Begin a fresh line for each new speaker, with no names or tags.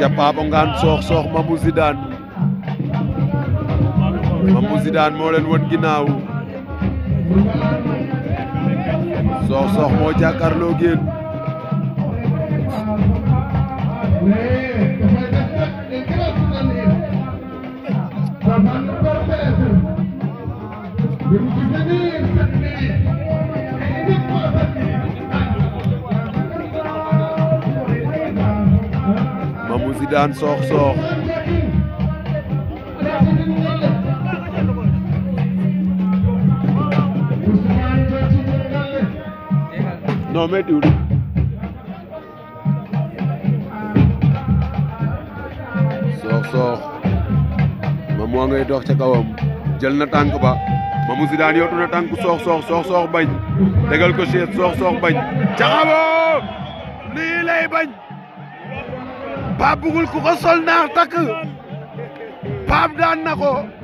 Siapa ngan soox sok Mamou Zidane Mamou Zidane mo len won ginaaw sok-sok mo jakarlo gel
Thank you.
bu Zidane soox soox
non méttiwul soox soox dox ca kawam jël na tànk ba Mamou Zidane yootu na tànk soox soox soox bañ tegal ko seet soox soox bañ caxaboo lii lay bañ Pape bugul ku ko sol naax takk Pape daan na ko